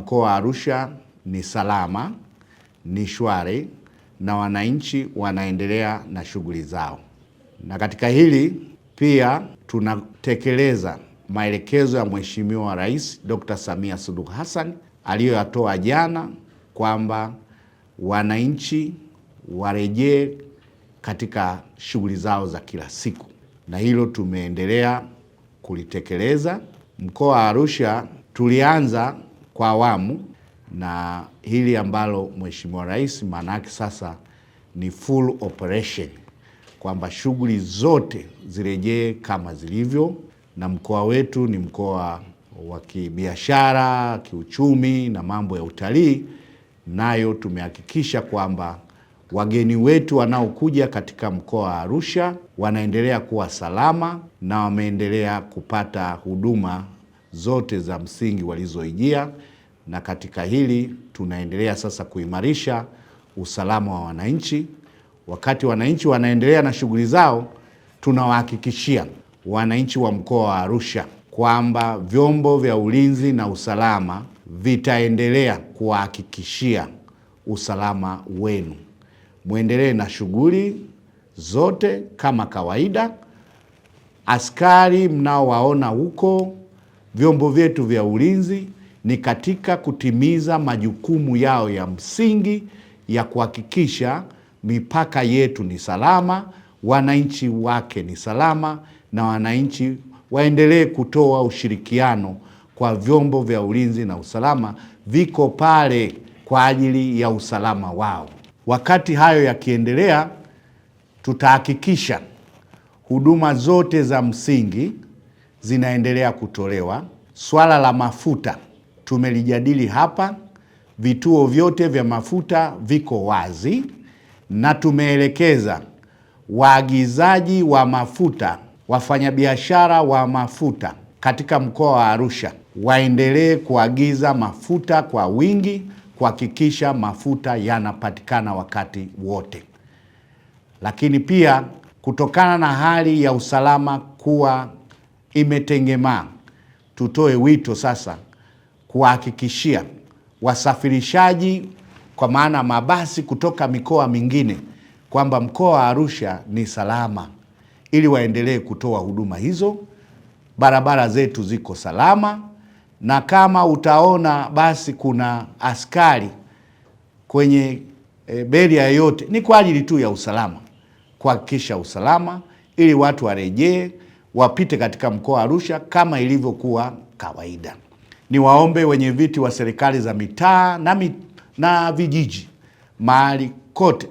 mkoa wa Arusha ni salama, ni shwari na wananchi wanaendelea na shughuli zao. Na katika hili pia tunatekeleza maelekezo ya Mheshimiwa Rais Dr. Samia Suluhu Hassan aliyoyatoa jana kwamba wananchi warejee katika shughuli zao za kila siku, na hilo tumeendelea kulitekeleza. Mkoa wa Arusha tulianza kwa awamu, na hili ambalo Mheshimiwa Rais maana yake sasa ni full operation kwamba shughuli zote zirejee kama zilivyo, na mkoa wetu ni mkoa wa kibiashara, kiuchumi na mambo ya utalii, nayo tumehakikisha kwamba wageni wetu wanaokuja katika mkoa wa Arusha wanaendelea kuwa salama na wameendelea kupata huduma zote za msingi walizoijia, na katika hili tunaendelea sasa kuimarisha usalama wa wananchi. Wakati wananchi wanaendelea na shughuli zao, tunawahakikishia wananchi wa mkoa wa Arusha kwamba vyombo vya ulinzi na usalama vitaendelea kuwahakikishia usalama wenu. Mwendelee na shughuli zote kama kawaida. Askari mnaowaona huko vyombo vyetu vya ulinzi ni katika kutimiza majukumu yao ya msingi ya kuhakikisha mipaka yetu ni salama, wananchi wake ni salama, na wananchi waendelee kutoa ushirikiano kwa vyombo vya ulinzi na usalama, viko pale kwa ajili ya usalama wao. Wakati hayo yakiendelea, tutahakikisha huduma zote za msingi zinaendelea kutolewa. Swala la mafuta tumelijadili hapa, vituo vyote vya mafuta viko wazi na tumeelekeza waagizaji wa mafuta, wafanyabiashara wa mafuta katika mkoa wa Arusha waendelee kuagiza mafuta kwa wingi, kuhakikisha mafuta yanapatikana wakati wote. Lakini pia kutokana na hali ya usalama kuwa imetengemaa. Tutoe wito sasa kuwahakikishia wasafirishaji kwa maana mabasi kutoka mikoa mingine kwamba mkoa wa Arusha ni salama, ili waendelee kutoa huduma hizo. Barabara zetu ziko salama, na kama utaona basi kuna askari kwenye e, beria yote, ni kwa ajili tu ya usalama, kuhakikisha usalama ili watu warejee wapite katika mkoa wa Arusha kama ilivyokuwa kawaida. Niwaombe wenye viti wa serikali za mitaa na, mit, na vijiji mahali kote,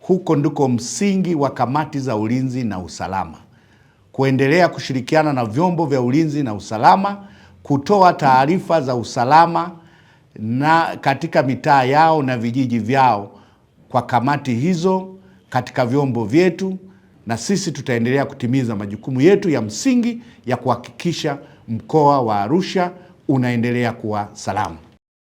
huko ndiko msingi wa kamati za ulinzi na usalama kuendelea kushirikiana na vyombo vya ulinzi na usalama kutoa taarifa za usalama na katika mitaa yao na vijiji vyao kwa kamati hizo katika vyombo vyetu na sisi tutaendelea kutimiza majukumu yetu ya msingi ya kuhakikisha mkoa wa Arusha unaendelea kuwa salama.